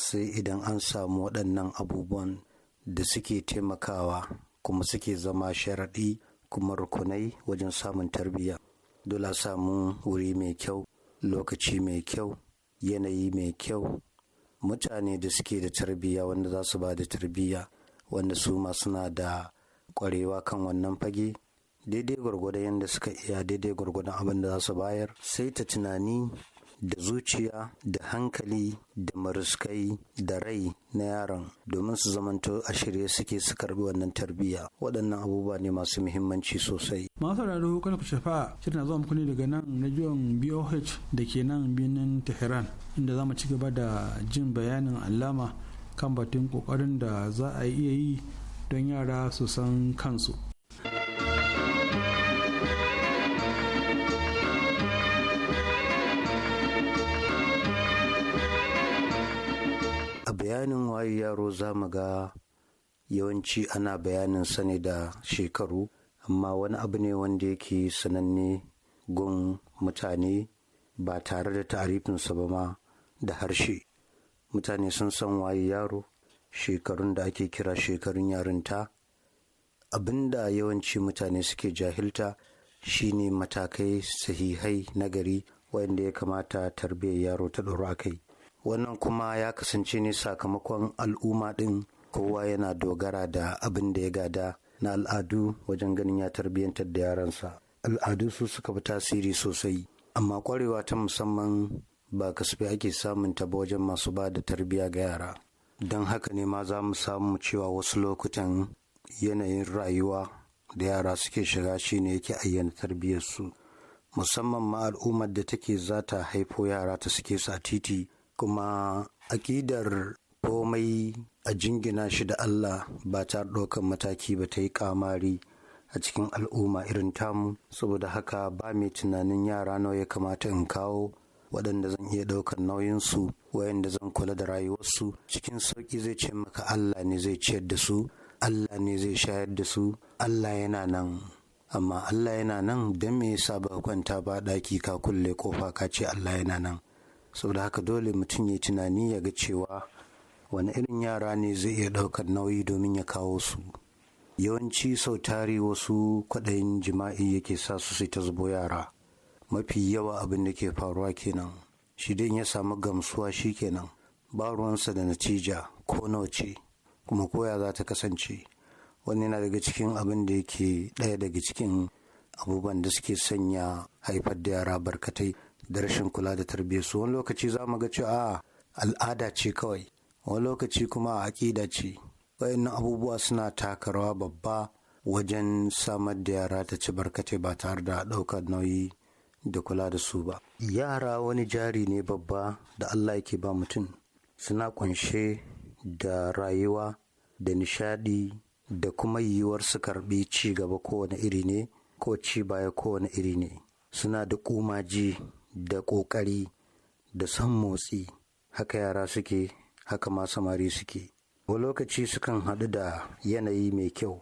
sai idan an samu waɗannan abubuwan da suke taimakawa kuma suke zama sharaɗi kuma rukunai wajen samun tarbiyya dole samu wuri mai kyau lokaci mai kyau yanayi mai kyau mutane da suke da tarbiyya wanda za su ba da tarbiyya wanda su ma suna da kwarewa kan wannan fage daidai gwargwadon yadda suka iya daidai gwargwadon abin da za su bayar sai ta tunani da zuciya da hankali da maruskai da rai na yaron domin su zamanto a shirye suke su karbi wannan tarbiyya waɗannan abubuwa ne masu muhimmanci sosai masu sauraro kan ku shafa shirin zuwa muku ne daga nan na jiwon boh da ke nan birnin tehran inda za mu ci gaba da jin bayanin alama kan batun kokarin da za a iya yi don yara su san kansu a bayanin waye yaro za mu ga yawanci ana bayanin sani da shekaru amma wani abu ne wanda yake sananne gun mutane ba tare da tarifinsa ba ma da harshe mutane sun san waye yaro shekarun da ake kira shekarun yarinta abinda yawanci mutane suke jahilta shine matakai sahihai nagari wanda ya kamata tarbiyyar yaro ta ɗora kai wannan kuma ya kasance ne sakamakon al'umma ɗin kowa yana dogara da abin da ya gada na al'adu wajen ganin ya tarbiyyantar da yaransa al'adu su suka fi tasiri sosai amma kwarewa ta musamman ba kasafi ake samun ta ba wajen masu ba da tarbiyya ga yara don haka ne ma za mu samu cewa wasu lokutan yanayin rayuwa da yara suke shiga shi shine yake ayyana tarbiyyarsu musamman ma al'ummar da take za ta haifo yara ta suke su a titi kuma akidar komai a jingina shi da Allah ba ta ɗaukan mataki ba ta yi kamari a cikin al'umma irin tamu saboda haka ba mai tunanin yara nawa ya kamata in kawo waɗanda zan iya ɗaukar nauyinsu wayanda zan kula da rayuwarsu cikin sauƙi zai ce maka Allah ne zai ciyar da su Allah ne zai shayar da su Allah yana nan amma Allah yana nan don me yasa ba kwanta ba ɗaki ka kulle kofa ka ce Allah yana nan saboda haka dole mutum ya tunani ya ga cewa wani irin yara ne zai iya ɗaukar nauyi domin ya kawo su yawanci sau tari wasu kwaɗayin jima'i yake sa su sai ta zubo yara mafi yawa abin da ke faruwa kenan shi dai ya samu gamsuwa shi kenan ba ruwansa da natija ko nawa ce kuma koya za ta kasance wani na daga cikin abin da yake ɗaya daga cikin abubuwan da suke sanya haifar da yara barkatai da rashin kula da tarbiyyar su wani lokaci za mu ga cewa al'ada ce kawai wani lokaci kuma a aƙida ce wayannan abubuwa suna taka rawa babba wajen samar da yara ta ci barkatai ba tare da ɗaukar nauyi da kula da su ba yara wani jari ne babba da allah yake ba mutum suna ƙunshe da rayuwa da nishadi da kuma yiwuwar su karbi ci gaba kowane iri ne ko ci baya kowane iri ne suna da kumaji da ƙoƙari da son motsi haka yara suke haka ma samari suke wa lokaci sukan haɗu da yanayi mai kyau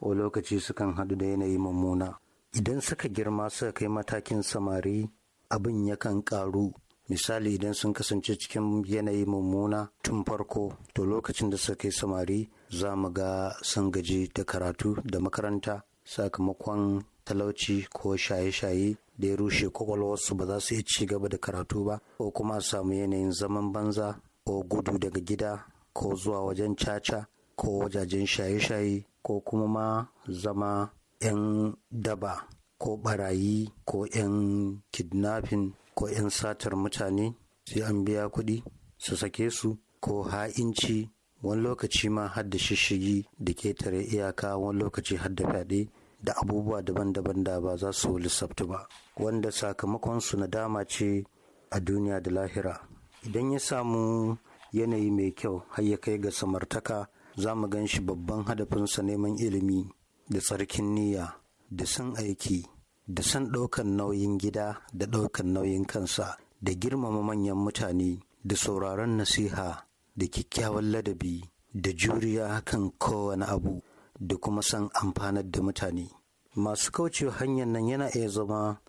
wa lokaci sukan haɗu da yanayi mummuna idan suka girma suka kai matakin samari abin yakan ƙaru misali idan sun kasance cikin yanayi mummuna tun farko to lokacin da suka kai samari za mu ga sun gaji da karatu da makaranta sakamakon talauci ko shaye-shaye da ya rushe kwakwalwarsu ba za su iya ci gaba da karatu ba ko kuma a samu yanayin zaman banza ko gudu daga gida ko zuwa wajen caca ko wajajen shaye-shaye ko kuma ma zama 'yan daba ko barayi ko 'yan kidnapping ko 'yan satar mutane sai an biya kuɗi su sake su ko ha'inci wani lokaci ma har da shishigi da ketare iyaka wani lokaci har da fyaɗe da abubuwa daban-daban da ba za su lissafta ba wanda sakamakonsu na dama ce a duniya da lahira idan ya samu yanayi mai kyau har ya kai ga samartaka za mu gan shi babban hadafinsa neman ilimi da tsarkin niyya da san aiki da san ɗaukan nauyin gida da ɗaukan nauyin kansa da girmama manyan mutane da sauraron nasiha da kyakkyawan ladabi da juriya kan kowane abu da kuma san amfanar da mutane masu kaucewa hanyar nan yana iya zama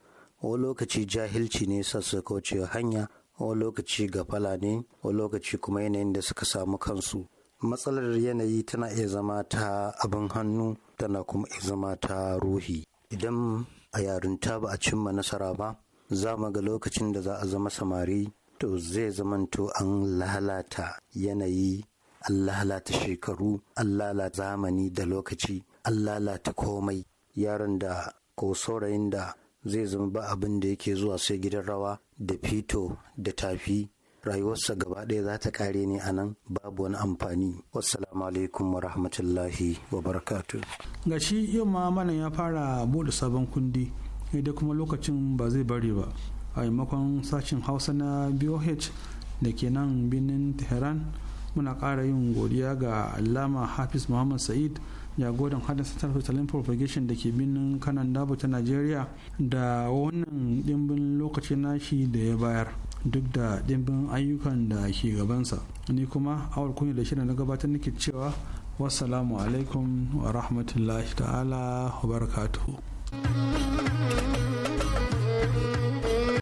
o lokaci jahilci ne sa su kaucewa hanya o lokaci gafala ne wani lokaci kuma yanayin da suka samu kansu matsalar yanayi tana iya zama ta abin hannu tana kuma iya zama ta ruhi idan a yarinta ba a cimma nasara ba za mu ga lokacin da za a zama samari to zai zamanto an lalata yanayi an lalata shekaru an lalata zamani da lokaci an lalata komai yaron da ko saurayin da zai zama ba abin da yake zuwa sai gidan rawa da fito da tafi rayuwarsa gaba ɗaya za ta kare ne a nan babu wani amfani wassalamu alaikum wa rahmatullahi wa barakatu ga shi yau ma ya fara bude sabon kundi da kuma lokacin ba zai bari ba a maimakon sashen hausa na boh da ke nan birnin tehran muna ƙara yin godiya ga alama hafiz muhammad sa'id jagoran hadin satar hotelin propagation da ke birnin kanan dabo ta nigeria da wannan dimbin lokacin nashi da ya bayar duk da dimbin ayyukan da ke gabansa ni kuma awar kunya da shirin na gabatar nake cewa wassalamu alaikum wa rahmatullahi ta'ala wa barakatuhu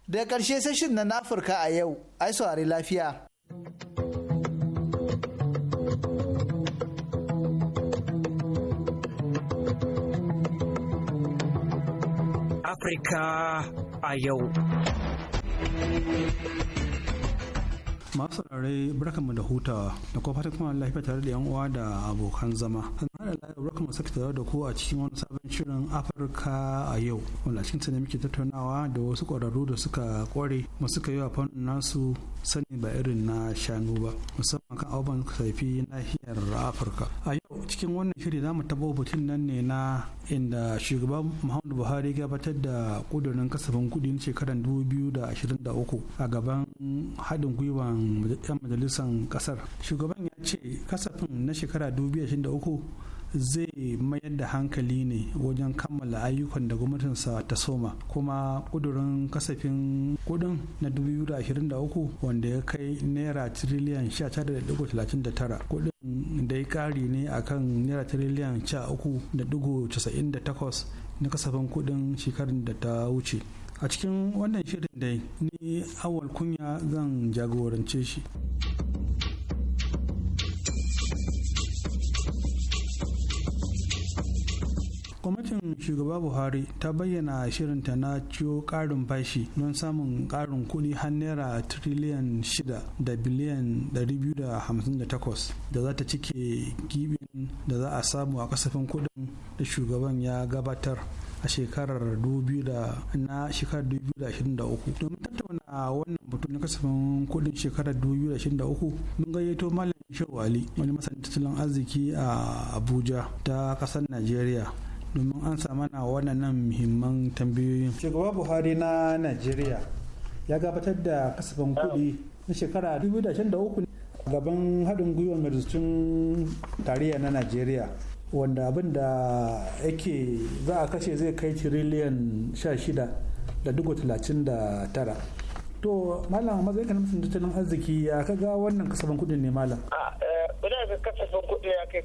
daga karshe sashin na afirka a yau ai saurari lafiya Afirka a yau. Masu rarrai barkanmu da hutawa da kuma fatan kuma lafiya tare da yan uwa da abokan zama. Ana da barkan saka tare da ku a cikin wani sabon shirin Afirka a yau. Wanda cikin ne muke tattaunawa da wasu ƙwararru da suka ƙware mu suka yi wa fannin nasu sani ba irin na shanu ba musamman kan abubuwan saifi nahiyar Afirka. A yau cikin wannan shiri za mu taɓa batun nan ne na inda shugaban Muhammadu Buhari gabatar da ƙudurin kasafin kuɗi na shekarar 2023 a gaban haɗin gwiwan 'yan majalisar ƙasar. Shugaban ya ce kasafin na shekara 2023 zai mayar da hankali ne wajen kammala ayyukan da gwamnatinsa ta soma kuma kudurin kasafin kudin na 2023 wanda ya kai naira tiriliyan 19.39 kudin da ya kari ne akan naira tiriliyan 13.98 na kasafin kudin shekarun da ta wuce a cikin wannan shirin dai ni awal kunya zan jagorance shi. gwamnatin shugaba buhari ta bayyana shirinta na ciyo karin bashi don samun karin kuɗi har naira tiriliyan shida da biliyan 258 da za ta cike gibin da za a samu a kasafin kuɗin da shugaban ya gabatar a shekarar 2000 na shekarar 2023 domin tattauna wannan batu na kasafin kuɗin shekarar 2023 mun gayyato malam shawali wani masanin tattalin arziki a abuja ta ƙasar najeriya domin an samu na waɗannan muhimman tambayoyin shugaba buhari na najeriya ya gabatar da kasafin kuɗi na shekara 2023 gaban haɗin gwiwar majalisun tarayya na najeriya wanda abin da yake za a kashe zai kai tiriliyan 16 da dugu 39 to malam matsayin kan mutum tattalin arziki ya kaga wannan kasafin kudi ne malam a eh, kasafin kuɗi ya kai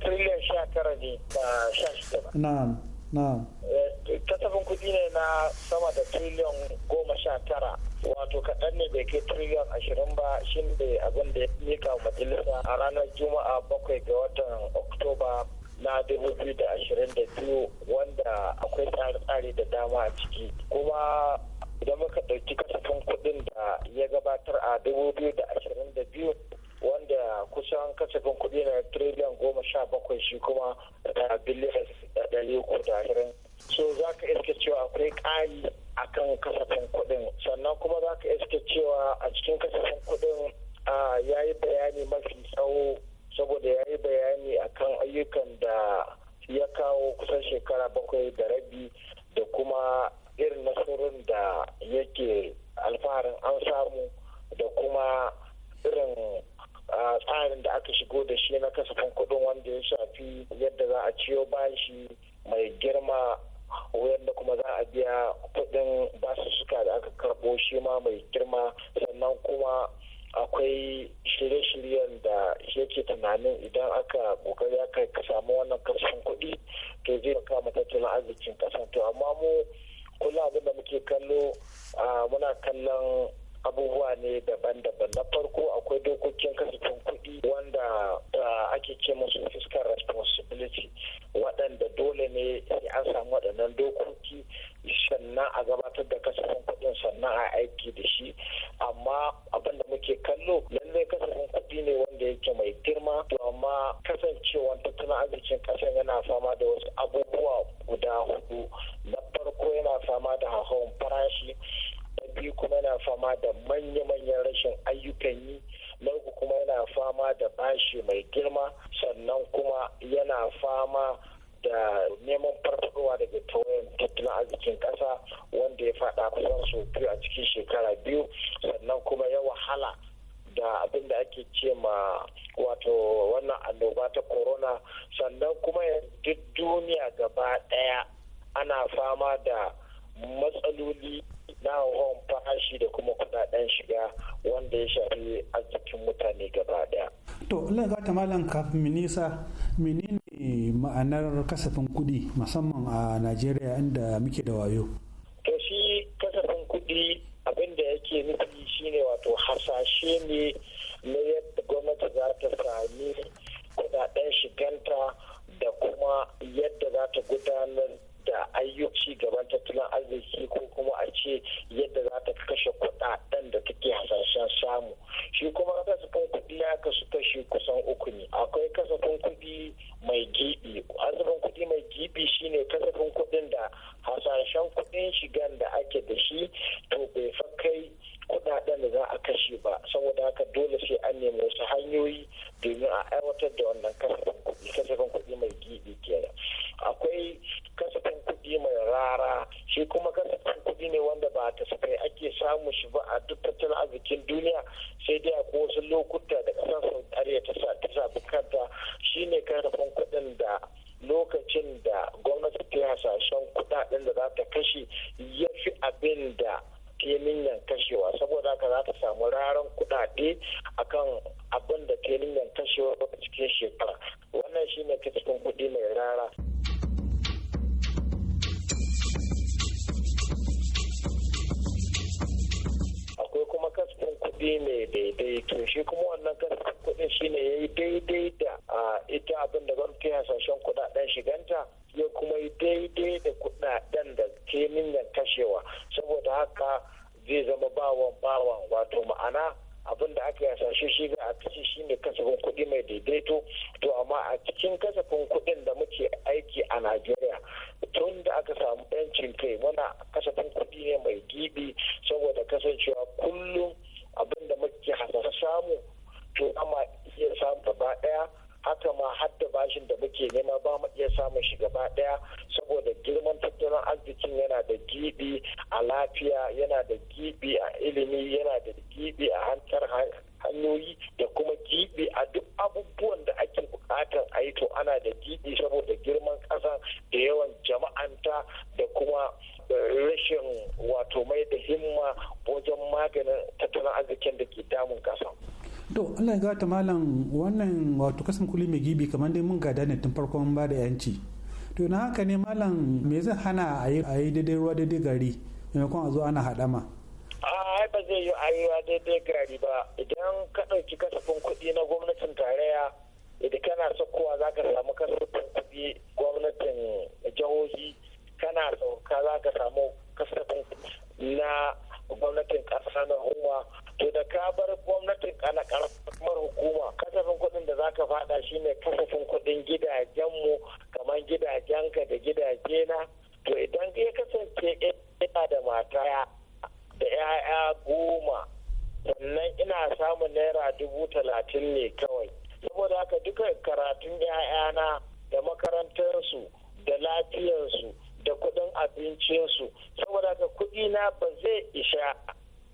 trillion sha tara ne na uh, sha shida ba na'am na'am kasafin eh, kuɗi ne na sama da trillion goma sha tara wato kaɗan ne bai kai trillion ashirin ba shi ne abin da ya mika majalisa a ranar juma'a bakwai ga watan oktoba na biyu wanda akwai tsare-tsare da dama a ciki kuma idan muka ɗauki kasafin kuɗin da ya gabatar a biyu wanda kusan kasafin kuɗi na triliyan goma sha bakwai shi kuma biliyan ɗari uku da ashirin so za ka iske cewa akwai ƙari a kan kasafin kuɗin sannan kuma za ka iske cewa a cikin kasafin kuɗin ya yi bayani mafi tsawo saboda ya yi bayani akan ayyukan da ya kawo kusan shekara bakwai da rabi da kuma irin nasarorin da yake alfaharin an samu da kuma irin a tsarin da aka shigo da shi na kasafin kudin wanda ya shafi yadda za a ciyo bashi mai girma da kuma za a biya kuɗin suka da aka karɓo shi ma mai girma sannan kuma akwai shirye-shiryen da yake tunanin idan aka kokari aka ka samu wannan kasafin kuɗi to zai kama tattalin arzikin ƙasa to amma mu kula abin da muke kallo muna kallon abubuwa ne daban-daban na farko akwai dokokin kasafin kuɗi wanda eh, ake ce musu fiscal responsibility waɗanda dole ne sai an samu waɗannan dokoki sannan a gabatar da kasafin kuɗin sannan a aiki da shi amma abin da muke kallo lallai kasafin kuɗi ne wanda yake mai girma to amma kasancewan tattalin arzikin ƙasar yana fama da wasu abubuwa guda hudu na farko yana fama da hauhawan farashi biyu kuma yana fama da manya-manyan rashin ayyukan yi na kuma yana fama da bashi mai girma sannan kuma yana fama da neman farfadowa daga tawayan tattalin arzikin ƙasa wanda ya faɗa kusan sau biyu a cikin shekara biyu sannan kuma ya wahala da abin da ake ce ma wato wannan annoba ta corona sannan kuma duk duniya gaba ɗaya ana fama da matsaloli malam kafin nisa menene ma'anar kasafin kuɗi musamman a najeriya inda muke da wayo kudaden shiganta ya kuma yi daidai da kudaden da ke niyyar kashewa saboda haka zai zama bawan bawan wato ma'ana abin da aka yasashe shi ga a ciki shine kasafin kuɗi mai daidaito to amma a cikin kasafin kuɗin da muke aiki a najeriya tun da aka samu yancin kai muna kasafin kuɗi ne mai gibi saboda kasancewa kullum abin da muke hasashe samu to amma iya samu gaba ɗaya haka ma hadda bashin da muke nema ba mu iya samun shi gaba daya saboda girman tattalin arzikin yana da gibi a lafiya yana da gibi a ilimi yana da gibi a hantar hanyoyi da kuma gibi a duk abubuwan da ake bukatan a yi to ana da gibi saboda girman ƙasa da yawan jama'anta da kuma eh, rashin wato mai da himma wajen maganin tattalin arzikin da ke damun ƙasa. to allah ya gata malam wannan wato kasan kuli mai gibi kamar dai mun gada ne tun farkon ba da yanci to na haka ne malam me zai hana a yi daidai ruwa daidai gari maimakon a zo ana haɗama ai ba zai yi ayyuwa daidai gari ba idan ka ɗauki kasafin kuɗi na gwamnatin tarayya idan kana kowa za ka samu kasafin kuɗi gwamnatin jihohi kana sauka za ka samu kasafin na gwamnatin ƙasa na hukuma to da ka bar gwamnatin na ƙaramar hukuma kasafin kuɗin da zaka shi shine kasafin kuɗin gidajenmu kamar gidajenka da gidajena to idan ya kasance ina da mata da 'ya'ya goma sannan ina samun naira dubu talatin ne kawai saboda haka duka karatun 'ya'yana da makarantarsu da lafiyarsu da kudin abincinsu saboda ka kuɗi na ba zai isha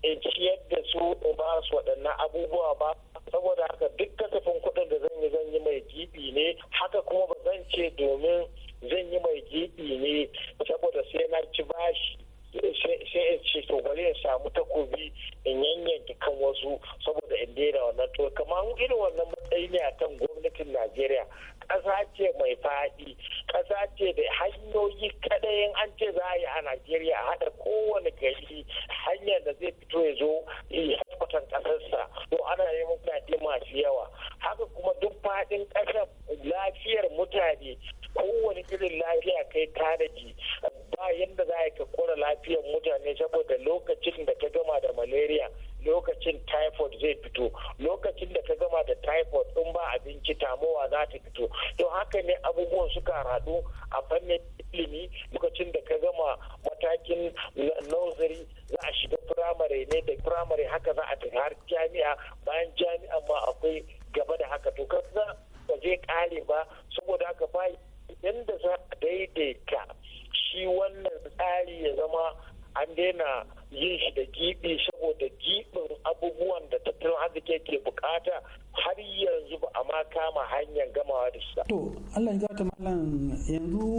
in ciyar da su in ba su waɗannan abubuwa ba saboda haka duk kasafin kuɗin da zan yi zan yi mai gibi ne haka kuma ba zan ce domin zan yi mai gibi ne saboda sai na ci bashi sai in ce to bari ya samu takobi in yanyanke kan wasu saboda in daina wannan to kamar irin wannan matsayi ne a kan gwamnatin najeriya ƙasa ce mai faɗi ƙasa ce da hanyoyi kaɗai an ce za a yi a najeriya a haɗa kowane gari hanyar da zai fito ya zo yi haifatan ƙasarsa to ana neman kuɗaɗe masu yawa haka kuma duk faɗin ƙasar lafiyar mutane kowane irin lafiya kai tanadi ba yadda za a kora lafiyar mutane saboda lokacin da ka gama da malaria lokacin typhoid zai fito lokacin da ka gama da typhoid in ba abinci tamowa za ta fito to haka ne abubuwan suka haɗu a fannin ilimi lokacin da ka gama matakin nursery za a shiga firamare ne da firamare haka za a tafi har jami'a bayan jami'a ma akwai gaba da haka to kasa ba zai kare ba saboda haka bayan yadda za a daidaita shi wannan tsari ya zama an daina yin shi da gibi saboda gibin abubuwan da tattalin arziki ke bukata har yanzu ba a ma kama hanyar gamawa da shi to Allah ya gata malam yanzu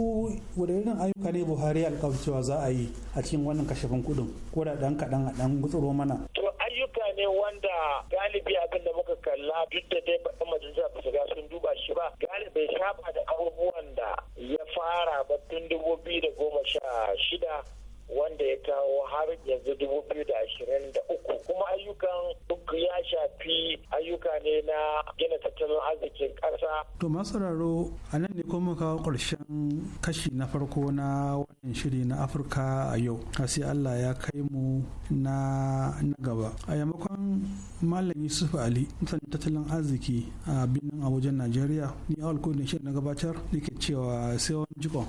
wanda irin ayyuka ne Buhari alƙawarcewa za a yi a cikin wannan kashefin kudin ko da dan kaɗan a dan gutsuro mana to ayyuka ne wanda galibi abin da muka kalla duk da dai ba majalisa ba su ga sun duba shi ba galibi saba da abubuwan da ya fara ba tun dubu biyu da goma sha shida wanda ya kawo har yanzu dubu biyu da ashirin da uku kuma ayyukan duk ya shafi ayyuka ne na gina tattalin arzikin ƙasa. to masararo a nan ne kuma kawo ƙarshen kashi na farko na wannan shiri na afirka a yau sai allah ya kai mu na gaba a yamakon malam yusuf ali masanin tattalin arziki a birnin abuja najeriya ni awal kudin shirin na gabatar da ke cewa sai wani jikon.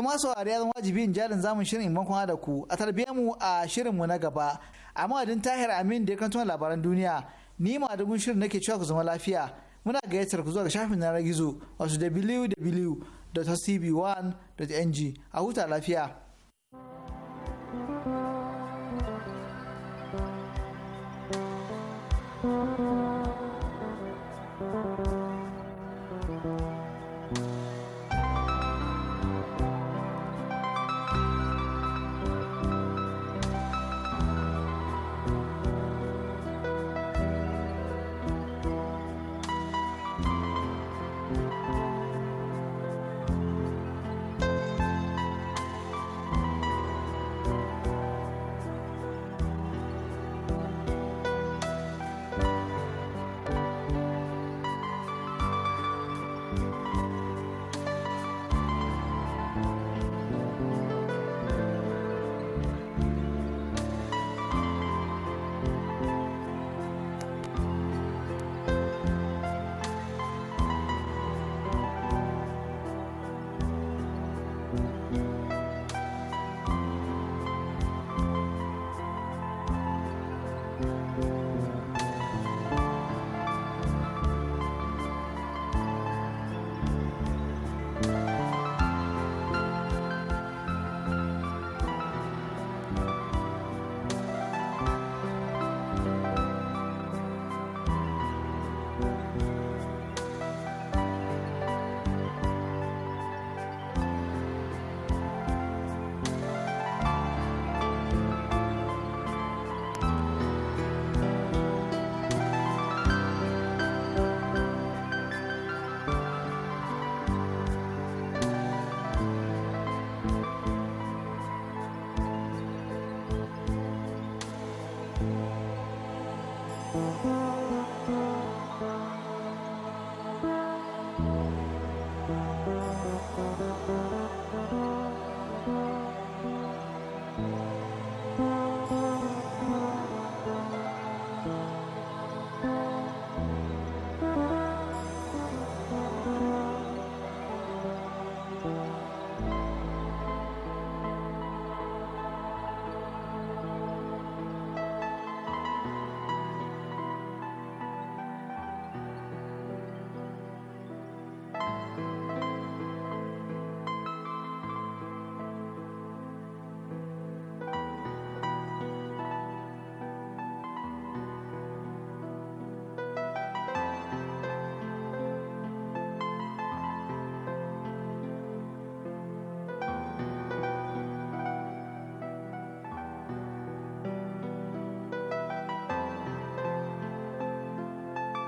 kuma masu ariya zan wajibi in jarin zamun shirin in da ku a tarbiyyar mu a shirin mu na gaba a adin tahir amin da ya kanto labaran duniya ni ma dugun shirin nake cewa ku zama lafiya muna gayyatar ku zuwa ga shafin yanar gizo wasu www.cb1.ng a huta lafiya